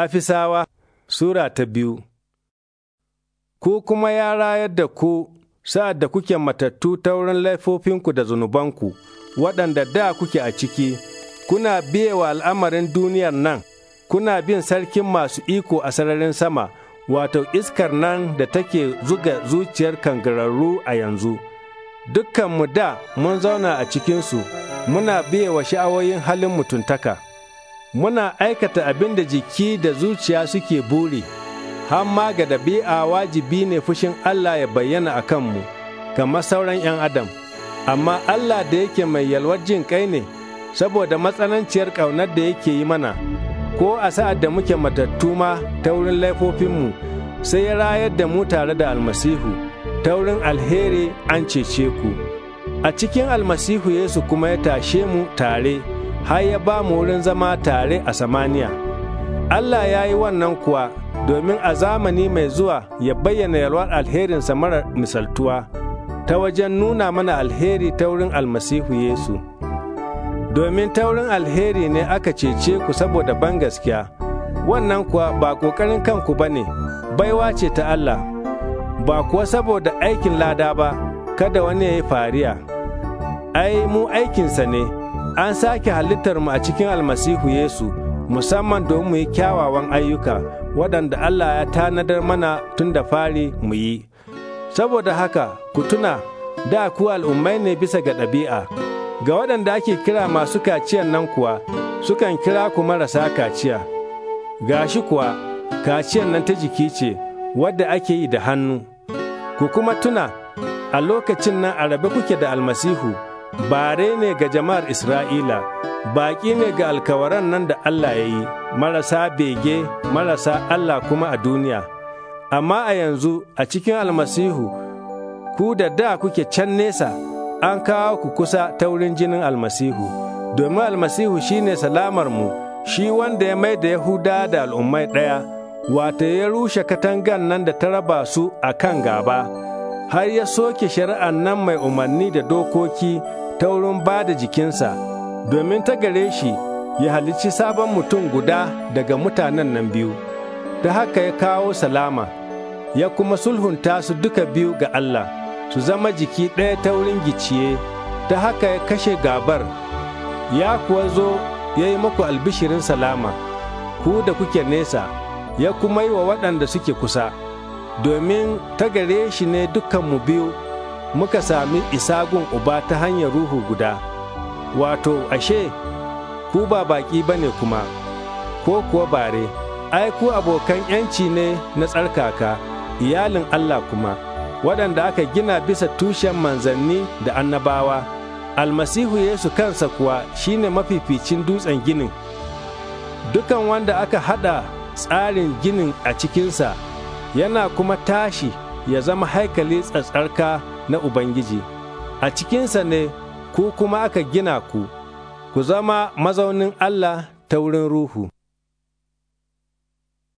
Afisawa Sura ta biyu Ku kuma ya rayar da ku sa'ad da kuke matattu ta wurin laifofinku da zunubanku, waɗanda da kuke a ciki, kuna biyewa al'amarin duniyar nan, kuna bin sarkin masu iko a sararin sama, wato iskar nan da take zuga zuciyar kangararru a yanzu. Dukkanmu da mun zauna a cikinsu, muna biyewa sha'awoyin halin mutuntaka. muna aikata abin da jiki da zuciya suke buri, hamma ga dabi'a wajibi ne fushin Allah ya bayyana a kanmu, kamar sauran 'yan Adam. Amma Allah da yake mai yalwar jin kai ne, saboda matsananciyar ƙaunar da yake yi mana, ko a sa'ad da muke matattu ma ta wurin laifofinmu, sai ya rayar da mu tare da almasihu, ta wurin alheri an cece ku. A cikin almasihu Yesu kuma ya tashe mu tare. har ya ba mu wurin zama tare a samaniya. Allah ya yi wannan kuwa domin a zamani mai zuwa ya bayyana yalwar alherinsa marar misaltuwa ta wajen nuna mana alheri ta wurin almasihu Yesu. Domin ta wurin alheri ne aka cece ku saboda ban gaskiya. wannan kuwa ba ƙoƙarin kanku ba ne, baiwa ce ta Allah, ba kuwa saboda aikin lada ba, kada wani ya yi fariya. Ai, mu aikinsa ne. an sake halittar mu a cikin almasihu Yesu musamman don mu yi kyawawan ayyuka waɗanda Allah ya tanadar mana tun da fari mu yi. Saboda haka ku tuna da ku al'ummai ne bisa ga ɗabi'a, ga waɗanda ake kira masu kaciyan nan kuwa sukan kira ku marasa kaciya. Ga shi kuwa kaciyan nan ta jiki ce wadda ake yi da hannu. Ku kuma tuna a lokacin nan a rabe kuke da almasihu. bare ne ga jama'ar Isra'ila, baƙi ne ga alkawaran nan da Allah ya yi, marasa bege, marasa Allah kuma a duniya. Amma a yanzu a cikin almasihu, ku da da kuke can nesa, an kawo ku kusa ta wurin jinin almasihu, domin almasihu shine salamarmu, shi wanda ya mai da Yahuda da al'ummai ɗaya, wata ya rushe katangan nan da ta raba su a kan gaba. har ya soke shari'ar nan mai umarni da dokoki ta wurin ba da jikinsa, domin ta gare shi ya halici sabon mutum guda daga mutanen nan biyu, ta haka ya kawo salama, ya kuma sulhunta su duka biyu ga Allah, su zama jiki ɗaya ta wurin giciye, ta haka ya kashe gabar, ya kuwa zo ya yi maku albishirin salama, ku da kuke nesa, ya kuma yi wa waɗanda suke kusa. domin ta gare shi ne mu biyu muka sami isagun uba ta hanyar ruhu guda wato ashe ku ba baƙi ba ne kuma ko kuwa bare ai ku abokan yanci ne na tsarkaka iyalin Allah kuma waɗanda aka gina bisa tushen manzanni da annabawa almasihu Yesu kansa kuwa shine mafificin dutsen ginin dukan wanda aka haɗa tsarin ginin a cikinsa yana kuma tashi ya zama haikali tsatsarka na Ubangiji, a cikinsa ne ku kuma aka gina ku, ku zama mazaunin Allah ta wurin Ruhu.